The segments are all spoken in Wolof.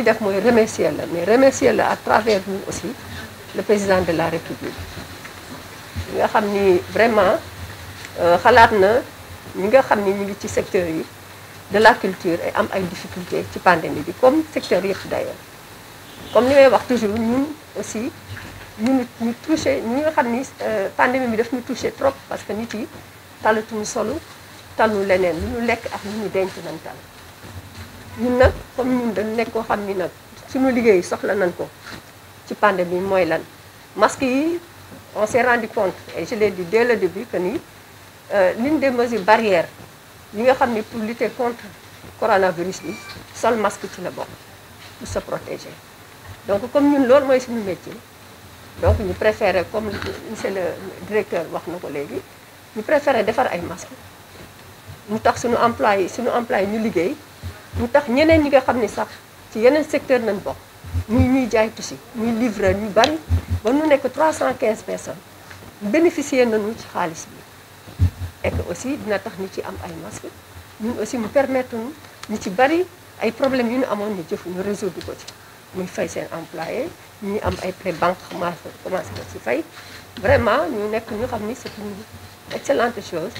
ñuy def mooy remercier la mais remercier la à travers nous aussi le président de la république nga xam vraiment euh, xalaat na ñi nga xam ni ñu ci secteur yi de la culture et am ay difficultés ci pandémie bi comme secteur yëpp d'ailleurs comme nous may wax toujours nous aussi nous ñu touché ñi nga xam ni euh, pandémie bi daf ñu touché trop parce que nit yi talatuñu solo talu leneen lu ñu lekk ak lu ñu denc nañ ñun nag comme ñun dañ nekk koo xam ni nag suñu liggéey soxla nañ ko ci pandémie bi mooy lan masque yi on s'est rendu compte et je l'ai dit dès le début que ni euh, l'une des mesures barrières yi nga xam ni pour lutter contre coronavirus bi sol masque ci la bokk pour se protéger donc comme ñun loolu mooy suñu métier donc ñu préféré comme monsieur le directeur wax na ko léegi ñu préféré defar ay masque mu tax suñu employé suñu employé ñu liggéey lu ñeneen ñi nga xam ne sax ci yeneen secteur nañ bokk ñuy ñuy jaay tissu ñuy livreur ñu bari ba nu nekk 315 personnes bénéficier nañu ci xaalis bi et que aussi dina tax ñu ci am ay masque ñun aussi mu permettre ñu ñu ci bari ay problème yu ñu amoon ñu jëf ñu résoudre ko ci muy fay seen employé ñu am ay prêt banque commencé ko ci fay vraiment ñu nekk ñu xam ni c'est une excellente chose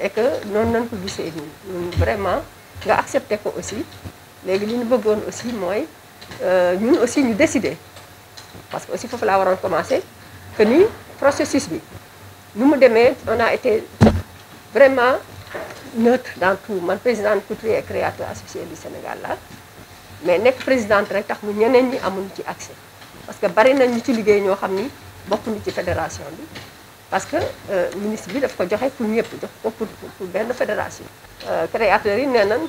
et que noonu nañ ko gisee nii ñun vraiment nga accepté ko aussi léegi li ñu bëggoon aussi mooy euh, ñun aussi ñu décidé parce que aussi foofu laa waroon commencer que ni processus bi nu mu demee on a été vraiment neutre dans tout man présidente couturier et créateur associé du Sénégal la mais nekk présidente rek tax mu ñeneen ñi amuñu ci accès parce que bari na ñu ci liggéey ñoo xam ni ci fédération bi parce que euh, ministre bi daf ko joxe pour ñëpp jox ko pour pour benn fédération. Euh, créateurs yi nee nañ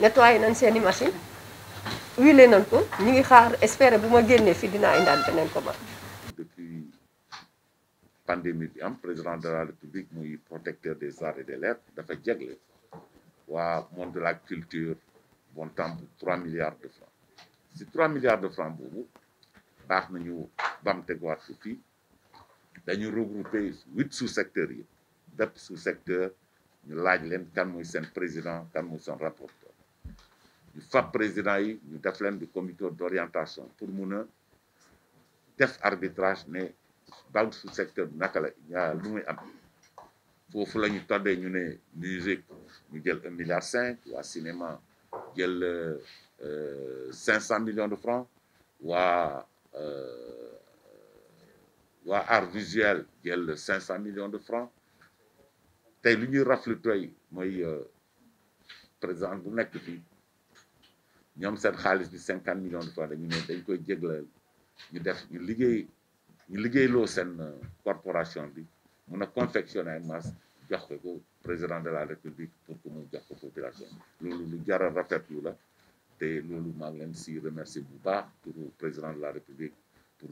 nettoyé nañ seen i machine huilé nañ ko ñu ngi xaar espérer bu ma génnee fii dinaa indaal beneen commande. depuis pandémie bi am président de la république muy protecteur des arts et des lettres dafa jegle waa monde de la culture bon temps bu 3 milliards de francs si 3 milliards de francs boobu baax nañu bam tegaat ko fii. nous regroupé huit sous-secteurs Deux sous secteurs nous laaj leen kan président kan muy seen rapporteur ñu fab président nous ñu def leen comité d'orientation pour mun a def arbitrage ne ban sous-secteur bi naka la ñaa lu muy am foofu la ñu toddee musique ñu jël un milliard cinq waa cinéma jël euh, euh, cinq cent millions de francs waa euh, art visuel le 500 millions de francs tey lu ñuy rafle toy mooy euh, président bu nekk nous avons cette de 50 millions de francs dañu ne dañ koy jéglal ñu def ñu liggéey ñu liggéeyloo euh, corporation bi avons a un masque masse jox président de la république pour que nous jox ko population loolu lu jar a rafetlu la te loolu maa ngi pour président de la république pour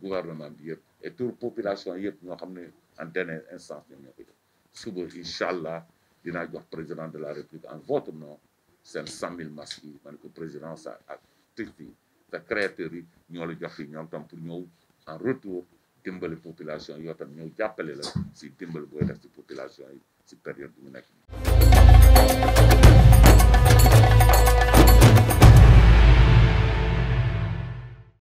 gouvernement bi et tour population yëpp ñoo xam ne en dernière instance ñoom ñoo koy def suba incha allah dinaa jox président de la république en votre nom seen cent mille masques ma ne ko président sa actrice yi ñoo la jox yi ñoom tam pour ñëw en retour dimbali population yoo ñoo ñëw jàppale la si dimbali booy def si population yi si période bi mu nekk